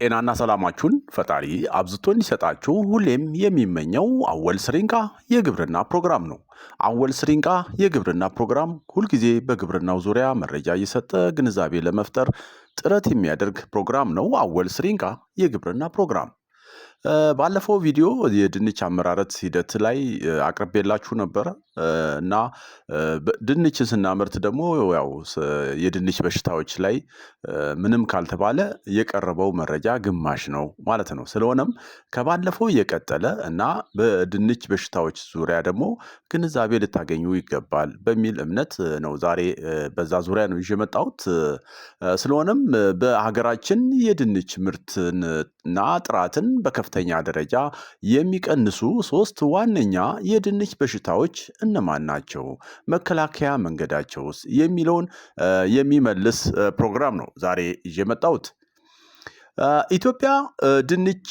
ጤናና ሰላማችሁን ፈጣሪ አብዝቶ እንዲሰጣችሁ ሁሌም የሚመኘው አወል ስሪንቃ የግብርና ፕሮግራም ነው። አወል ስሪንቃ የግብርና ፕሮግራም ሁልጊዜ በግብርናው ዙሪያ መረጃ እየሰጠ ግንዛቤ ለመፍጠር ጥረት የሚያደርግ ፕሮግራም ነው። አወል ስሪንቃ የግብርና ፕሮግራም ባለፈው ቪዲዮ የድንች አመራረት ሂደት ላይ አቅርቤላችሁ ነበረ። እና ድንች ስናመርት ደግሞ ያው የድንች በሽታዎች ላይ ምንም ካልተባለ የቀረበው መረጃ ግማሽ ነው ማለት ነው። ስለሆነም ከባለፈው የቀጠለ እና በድንች በሽታዎች ዙሪያ ደግሞ ግንዛቤ ልታገኙ ይገባል በሚል እምነት ነው ዛሬ በዛ ዙሪያ ነው ይዤ የመጣሁት። ስለሆነም በሀገራችን የድንች ምርትን እና ጥራትን በከፍተኛ ደረጃ የሚቀንሱ ሶስት ዋነኛ የድንች በሽታዎች እነማን ናቸው? መከላከያ መንገዳቸውስ? የሚለውን የሚመልስ ፕሮግራም ነው ዛሬ የመጣሁት። ኢትዮጵያ ድንች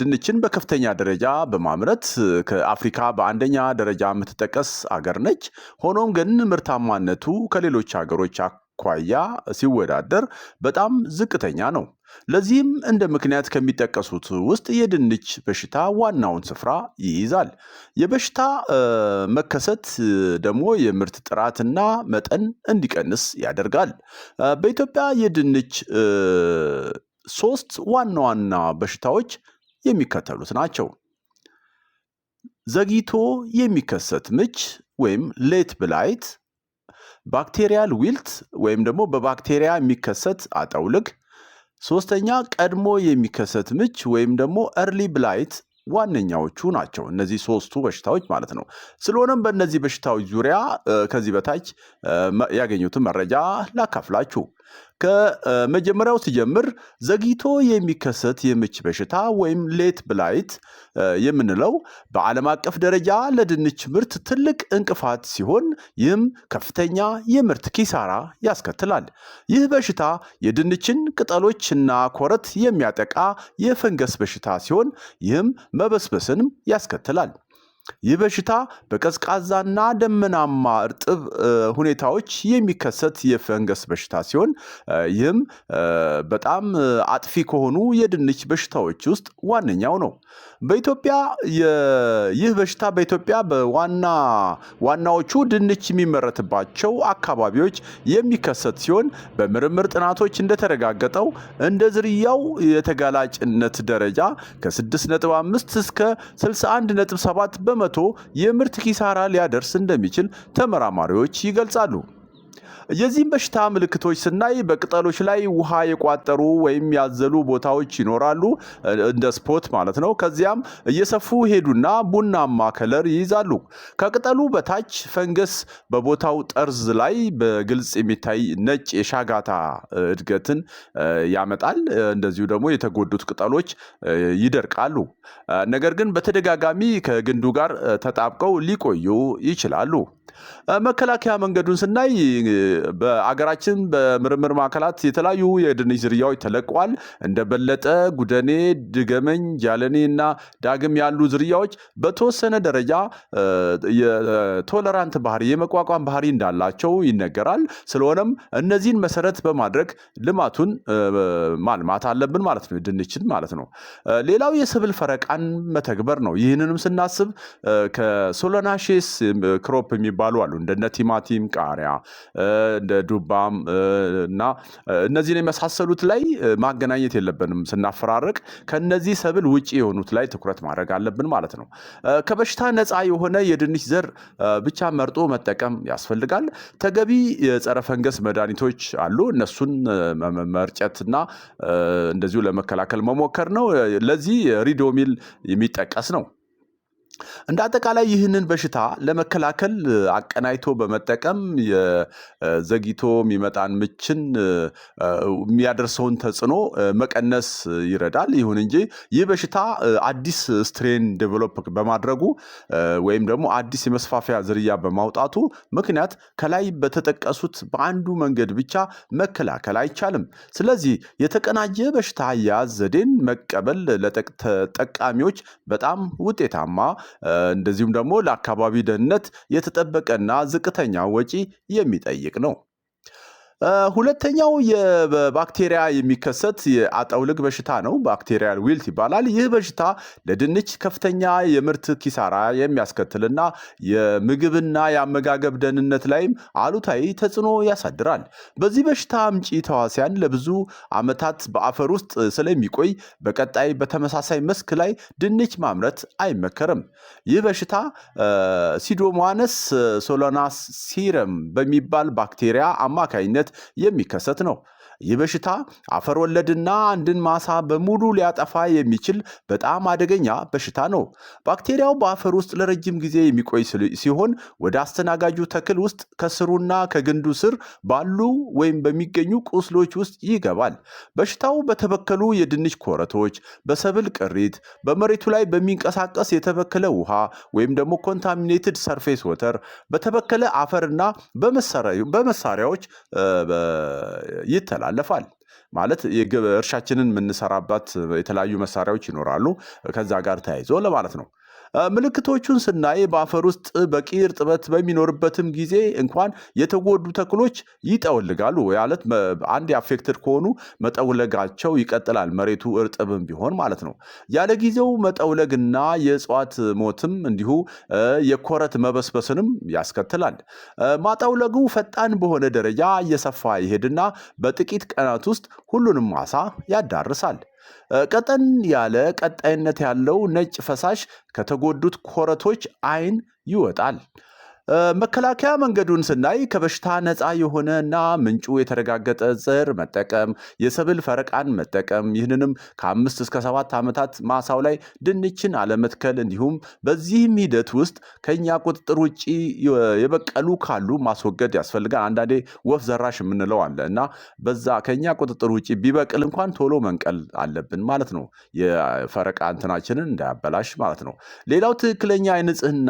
ድንችን በከፍተኛ ደረጃ በማምረት ከአፍሪካ በአንደኛ ደረጃ የምትጠቀስ አገር ነች። ሆኖም ግን ምርታማነቱ ከሌሎች ሀገሮች አኳያ ሲወዳደር በጣም ዝቅተኛ ነው። ለዚህም እንደ ምክንያት ከሚጠቀሱት ውስጥ የድንች በሽታ ዋናውን ስፍራ ይይዛል። የበሽታ መከሰት ደግሞ የምርት ጥራትና መጠን እንዲቀንስ ያደርጋል። በኢትዮጵያ የድንች ሶስት ዋና ዋና በሽታዎች የሚከተሉት ናቸው። ዘግይቶ የሚከሰት ምች ወይም ሌት ብላይት ባክቴሪያል ዊልት ወይም ደግሞ በባክቴሪያ የሚከሰት አጠውልግ፣ ሶስተኛ ቀድሞ የሚከሰት ምች ወይም ደግሞ እርሊ ብላይት ዋነኛዎቹ ናቸው። እነዚህ ሶስቱ በሽታዎች ማለት ነው። ስለሆነም በእነዚህ በሽታዎች ዙሪያ ከዚህ በታች ያገኙትን መረጃ ላካፍላችሁ። ከመጀመሪያው ሲጀምር ዘግይቶ የሚከሰት የምች በሽታ ወይም ሌት ብላይት የምንለው በዓለም አቀፍ ደረጃ ለድንች ምርት ትልቅ እንቅፋት ሲሆን ይህም ከፍተኛ የምርት ኪሳራ ያስከትላል። ይህ በሽታ የድንችን ቅጠሎችና ኮረት የሚያጠቃ የፈንገስ በሽታ ሲሆን ይህም መበስበስንም ያስከትላል። ይህ በሽታ በቀዝቃዛና ደመናማ እርጥብ ሁኔታዎች የሚከሰት የፈንገስ በሽታ ሲሆን ይህም በጣም አጥፊ ከሆኑ የድንች በሽታዎች ውስጥ ዋነኛው ነው። በኢትዮጵያ ይህ በሽታ በኢትዮጵያ በዋና ዋናዎቹ ድንች የሚመረትባቸው አካባቢዎች የሚከሰት ሲሆን በምርምር ጥናቶች እንደተረጋገጠው እንደ ዝርያው የተጋላጭነት ደረጃ ከ6.5 እስከ 61.7 በመቶ የምርት ኪሳራ ሊያደርስ እንደሚችል ተመራማሪዎች ይገልጻሉ። የዚህም በሽታ ምልክቶች ስናይ በቅጠሎች ላይ ውሃ የቋጠሩ ወይም ያዘሉ ቦታዎች ይኖራሉ፣ እንደ ስፖት ማለት ነው። ከዚያም እየሰፉ ሄዱና ቡናማ ከለር ይይዛሉ። ከቅጠሉ በታች ፈንገስ በቦታው ጠርዝ ላይ በግልጽ የሚታይ ነጭ የሻጋታ እድገትን ያመጣል። እንደዚሁ ደግሞ የተጎዱት ቅጠሎች ይደርቃሉ። ነገር ግን በተደጋጋሚ ከግንዱ ጋር ተጣብቀው ሊቆዩ ይችላሉ። መከላከያ መንገዱን ስናይ በአገራችን በምርምር ማዕከላት የተለያዩ የድንች ዝርያዎች ተለቀዋል። እንደ በለጠ፣ ጉደኔ፣ ድገመኝ፣ ጃለኔ እና ዳግም ያሉ ዝርያዎች በተወሰነ ደረጃ የቶለራንት ባህሪ የመቋቋም ባህሪ እንዳላቸው ይነገራል። ስለሆነም እነዚህን መሰረት በማድረግ ልማቱን ማልማት አለብን ማለት ነው፣ ድንችን ማለት ነው። ሌላው የሰብል ፈረቃን መተግበር ነው። ይህንንም ስናስብ ከሶለናሼስ ክሮፕ የሚባሉ አሉ እንደነ ቲማቲም፣ ቃሪያ፣ እንደ ዱባም እና እነዚህን የመሳሰሉት ላይ ማገናኘት የለብንም። ስናፈራርቅ ከነዚህ ሰብል ውጭ የሆኑት ላይ ትኩረት ማድረግ አለብን ማለት ነው። ከበሽታ ነፃ የሆነ የድንች ዘር ብቻ መርጦ መጠቀም ያስፈልጋል። ተገቢ የጸረ ፈንገስ መድኃኒቶች አሉ። እነሱን መርጨትና እንደዚሁ ለመከላከል መሞከር ነው። ለዚህ ሪዶሚል የሚጠቀስ ነው። እንደ አጠቃላይ ይህንን በሽታ ለመከላከል አቀናይቶ በመጠቀም ዘግይቶ የሚመጣን ምችን የሚያደርሰውን ተጽዕኖ መቀነስ ይረዳል። ይሁን እንጂ ይህ በሽታ አዲስ ስትሬን ዴቨሎፕ በማድረጉ ወይም ደግሞ አዲስ የመስፋፊያ ዝርያ በማውጣቱ ምክንያት ከላይ በተጠቀሱት በአንዱ መንገድ ብቻ መከላከል አይቻልም። ስለዚህ የተቀናጀ በሽታ አያያዝ ዘዴን መቀበል ለተጠቃሚዎች በጣም ውጤታማ እንደዚሁም ደግሞ ለአካባቢ ደህንነት የተጠበቀና ዝቅተኛ ወጪ የሚጠይቅ ነው። ሁለተኛው በባክቴሪያ የሚከሰት የአጠውልግ በሽታ ነው። ባክቴሪያል ዊልት ይባላል። ይህ በሽታ ለድንች ከፍተኛ የምርት ኪሳራ የሚያስከትልና የምግብና የአመጋገብ ደህንነት ላይም አሉታዊ ተጽዕኖ ያሳድራል። በዚህ በሽታ አምጪ ተዋሲያን ለብዙ ዓመታት በአፈር ውስጥ ስለሚቆይ በቀጣይ በተመሳሳይ መስክ ላይ ድንች ማምረት አይመከርም። ይህ በሽታ ሲዶሞናስ ሶሎናሲረም በሚባል ባክቴሪያ አማካይነት የሚከሰት ነው። ይህ በሽታ አፈር ወለድና አንድን ማሳ በሙሉ ሊያጠፋ የሚችል በጣም አደገኛ በሽታ ነው። ባክቴሪያው በአፈር ውስጥ ለረጅም ጊዜ የሚቆይ ሲሆን ወደ አስተናጋጁ ተክል ውስጥ ከስሩና ከግንዱ ስር ባሉ ወይም በሚገኙ ቁስሎች ውስጥ ይገባል። በሽታው በተበከሉ የድንች ኮረቶች፣ በሰብል ቅሪት፣ በመሬቱ ላይ በሚንቀሳቀስ የተበከለ ውሃ ወይም ደግሞ ኮንታሚኔትድ ሰርፌስ ወተር፣ በተበከለ አፈርና በመሳሪያዎች ይተላል ይተላለፋል። ማለት እርሻችንን የምንሰራባት የተለያዩ መሳሪያዎች ይኖራሉ ከዛ ጋር ተያይዞ ለማለት ነው። ምልክቶቹን ስናይ በአፈር ውስጥ በቂ እርጥበት በሚኖርበትም ጊዜ እንኳን የተጎዱ ተክሎች ይጠወልጋሉ። ያለት አንድ አፌክትድ ከሆኑ መጠውለጋቸው ይቀጥላል፣ መሬቱ እርጥብም ቢሆን ማለት ነው። ያለ ጊዜው መጠውለግና የእጽዋት ሞትም እንዲሁ የኮረት መበስበስንም ያስከትላል። ማጠውለጉ ፈጣን በሆነ ደረጃ እየሰፋ ይሄድና በጥቂት ቀናት ውስጥ ሁሉንም ማሳ ያዳርሳል። ቀጠን ያለ ቀጣይነት ያለው ነጭ ፈሳሽ ከተጎዱት ኮረቶች አይን ይወጣል። መከላከያ መንገዱን ስናይ ከበሽታ ነፃ የሆነ እና ምንጩ የተረጋገጠ ዘር መጠቀም፣ የሰብል ፈረቃን መጠቀም፣ ይህንንም ከአምስት እስከ ሰባት ዓመታት ማሳው ላይ ድንችን አለመትከል፣ እንዲሁም በዚህም ሂደት ውስጥ ከኛ ቁጥጥር ውጭ የበቀሉ ካሉ ማስወገድ ያስፈልጋል። አንዳንዴ ወፍ ዘራሽ የምንለው አለ እና በዛ ከኛ ቁጥጥር ውጭ ቢበቅል እንኳን ቶሎ መንቀል አለብን ማለት ነው። የፈረቃ እንትናችንን እንዳያበላሽ ማለት ነው። ሌላው ትክክለኛ የንጽህና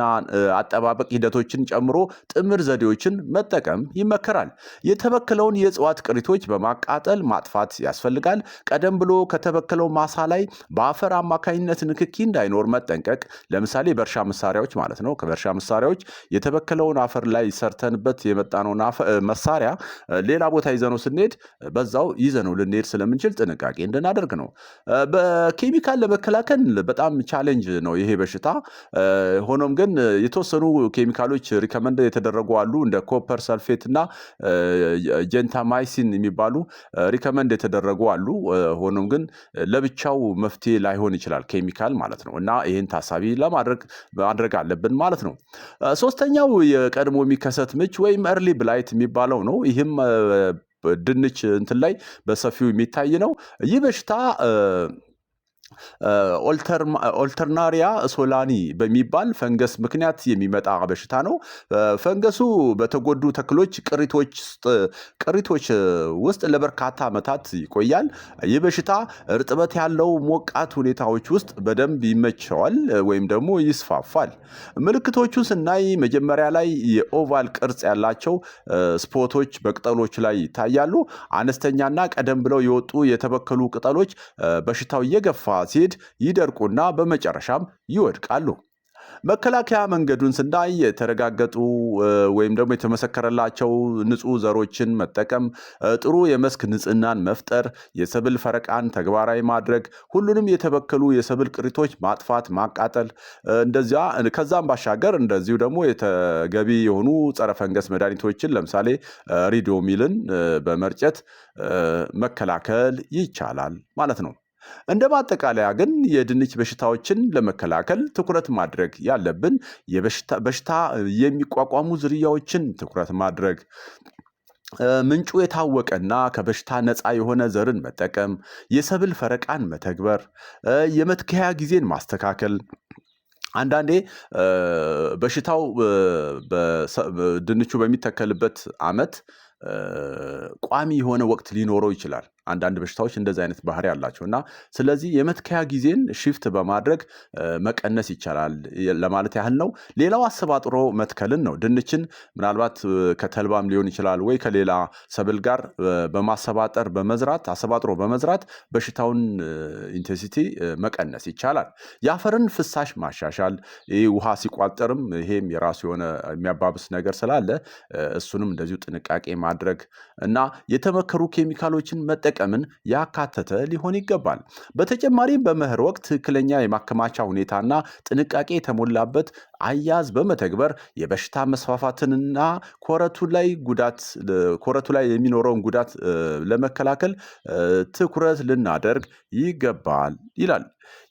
አጠባበቅ ሂደቶችን ቅሪቶችን ጨምሮ ጥምር ዘዴዎችን መጠቀም ይመከራል። የተበከለውን የእጽዋት ቅሪቶች በማቃጠል ማጥፋት ያስፈልጋል። ቀደም ብሎ ከተበከለው ማሳ ላይ በአፈር አማካኝነት ንክኪ እንዳይኖር መጠንቀቅ፣ ለምሳሌ በእርሻ መሳሪያዎች ማለት ነው። ከበእርሻ መሳሪያዎች የተበከለውን አፈር ላይ ሰርተንበት የመጣነውን መሳሪያ ሌላ ቦታ ይዘነው ስንሄድ በዛው ይዘነው ልንሄድ ስለምንችል ጥንቃቄ እንድናደርግ ነው። በኬሚካል ለመከላከል በጣም ቻሌንጅ ነው ይሄ በሽታ። ሆኖም ግን የተወሰኑ ኬሚካሎች ሪከመንድ የተደረጉ አሉ። እንደ ኮፐር ሰልፌት እና ጀንታማይሲን የሚባሉ ሪከመንድ የተደረጉ አሉ። ሆኖም ግን ለብቻው መፍትሄ ላይሆን ይችላል ኬሚካል ማለት ነው እና ይህን ታሳቢ ለማድረግ ማድረግ አለብን ማለት ነው። ሶስተኛው የቀድሞ የሚከሰት ምች ወይም ኤርሊ ብላይት የሚባለው ነው። ይህም ድንች እንትን ላይ በሰፊው የሚታይ ነው። ይህ በሽታ ኦልተርናሪያ ሶላኒ በሚባል ፈንገስ ምክንያት የሚመጣ በሽታ ነው። ፈንገሱ በተጎዱ ተክሎች ቅሪቶች ውስጥ ለበርካታ ዓመታት ይቆያል። ይህ በሽታ እርጥበት ያለው ሞቃት ሁኔታዎች ውስጥ በደንብ ይመቸዋል ወይም ደግሞ ይስፋፋል። ምልክቶቹን ስናይ መጀመሪያ ላይ የኦቫል ቅርጽ ያላቸው ስፖቶች በቅጠሎች ላይ ይታያሉ። አነስተኛና ቀደም ብለው የወጡ የተበከሉ ቅጠሎች በሽታው እየገፋ ሲሄድ ይደርቁና በመጨረሻም ይወድቃሉ። መከላከያ መንገዱን ስናይ የተረጋገጡ ወይም ደግሞ የተመሰከረላቸው ንጹህ ዘሮችን መጠቀም፣ ጥሩ የመስክ ንጽህናን መፍጠር፣ የሰብል ፈረቃን ተግባራዊ ማድረግ፣ ሁሉንም የተበከሉ የሰብል ቅሪቶች ማጥፋት፣ ማቃጠል እንደዚያ ከዛም ባሻገር እንደዚሁ ደግሞ የተገቢ የሆኑ ጸረ ፈንገስ መድኃኒቶችን ለምሳሌ ሪዶሚልን በመርጨት መከላከል ይቻላል ማለት ነው። እንደ ማጠቃለያ ግን የድንች በሽታዎችን ለመከላከል ትኩረት ማድረግ ያለብን በሽታ የሚቋቋሙ ዝርያዎችን ትኩረት ማድረግ ምንጩ የታወቀና ከበሽታ ነፃ የሆነ ዘርን መጠቀም፣ የሰብል ፈረቃን መተግበር፣ የመትከያ ጊዜን ማስተካከል አንዳንዴ በሽታው ድንቹ በሚተከልበት ዓመት ቋሚ የሆነ ወቅት ሊኖረው ይችላል። አንዳንድ በሽታዎች እንደዚህ አይነት ባህሪ አላቸው እና ስለዚህ የመትከያ ጊዜን ሽፍት በማድረግ መቀነስ ይቻላል ለማለት ያህል ነው። ሌላው አሰባጥሮ መትከልን ነው። ድንችን ምናልባት ከተልባም ሊሆን ይችላል ወይ ከሌላ ሰብል ጋር በማሰባጠር በመዝራት አሰባጥሮ በመዝራት በሽታውን ኢንቴንሲቲ መቀነስ ይቻላል። የአፈርን ፍሳሽ ማሻሻል፣ ይህ ውሃ ሲቋጠርም ይሄም የራሱ የሆነ የሚያባብስ ነገር ስላለ እሱንም እንደዚሁ ጥንቃቄ ማድረግ እና የተመከሩ ኬሚካሎችን መጠቀም መጠቀምን ያካተተ ሊሆን ይገባል። በተጨማሪም በመኸር ወቅት ትክክለኛ የማከማቻ ሁኔታና ጥንቃቄ የተሞላበት አያያዝ በመተግበር የበሽታ መስፋፋትንና ኮረቱ ላይ ጉዳት ኮረቱ ላይ የሚኖረውን ጉዳት ለመከላከል ትኩረት ልናደርግ ይገባል ይላል።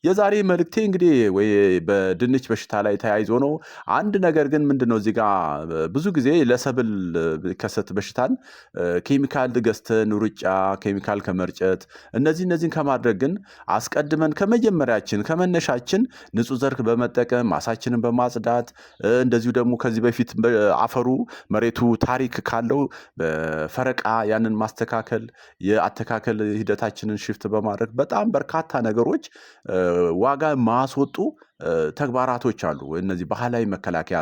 የዛሬ መልእክቴ እንግዲህ ወይ በድንች በሽታ ላይ ተያይዞ ነው። አንድ ነገር ግን ምንድነው እዚህ ብዙ ጊዜ ለሰብል ከሰት በሽታን ኬሚካል ገዝተን ሩጫ ኬሚካል ከመርጨት እነዚህ እነዚህን ከማድረግ ግን አስቀድመን ከመጀመሪያችን ከመነሻችን ንጹህ ዘርክ በመጠቀም ማሳችንን በማጽ በጽዳት እንደዚሁ ደግሞ ከዚህ በፊት አፈሩ መሬቱ ታሪክ ካለው በፈረቃ ያንን ማስተካከል የአተካከል ሂደታችንን ሽፍት በማድረግ በጣም በርካታ ነገሮች ዋጋ ማስወጡ ተግባራቶች አሉ። እነዚህ ባህላዊ መከላከያ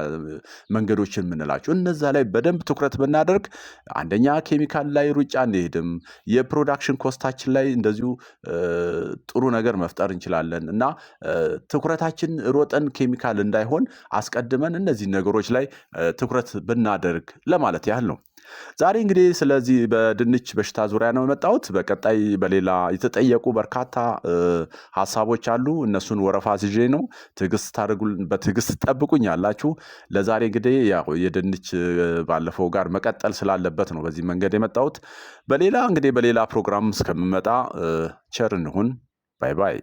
መንገዶችን የምንላቸው እነዛ ላይ በደንብ ትኩረት ብናደርግ አንደኛ ኬሚካል ላይ ሩጫ እንሄድም የፕሮዳክሽን ኮስታችን ላይ እንደዚሁ ጥሩ ነገር መፍጠር እንችላለን እና ትኩረታችን ሮጠን ኬሚካል እንዳይሆን አስቀድመን እነዚህ ነገሮች ላይ ትኩረት ብናደርግ ለማለት ያህል ነው። ዛሬ እንግዲህ ስለዚህ በድንች በሽታ ዙሪያ ነው የመጣሁት። በቀጣይ በሌላ የተጠየቁ በርካታ ሀሳቦች አሉ። እነሱን ወረፋ ይዤ ነው። ትዕግስት በትዕግስት ጠብቁኝ አላችሁ። ለዛሬ እንግዲህ ያው የድንች ባለፈው ጋር መቀጠል ስላለበት ነው በዚህ መንገድ የመጣሁት። በሌላ እንግዲህ በሌላ ፕሮግራም እስከምመጣ ቸር እንሁን። ባይ ባይ።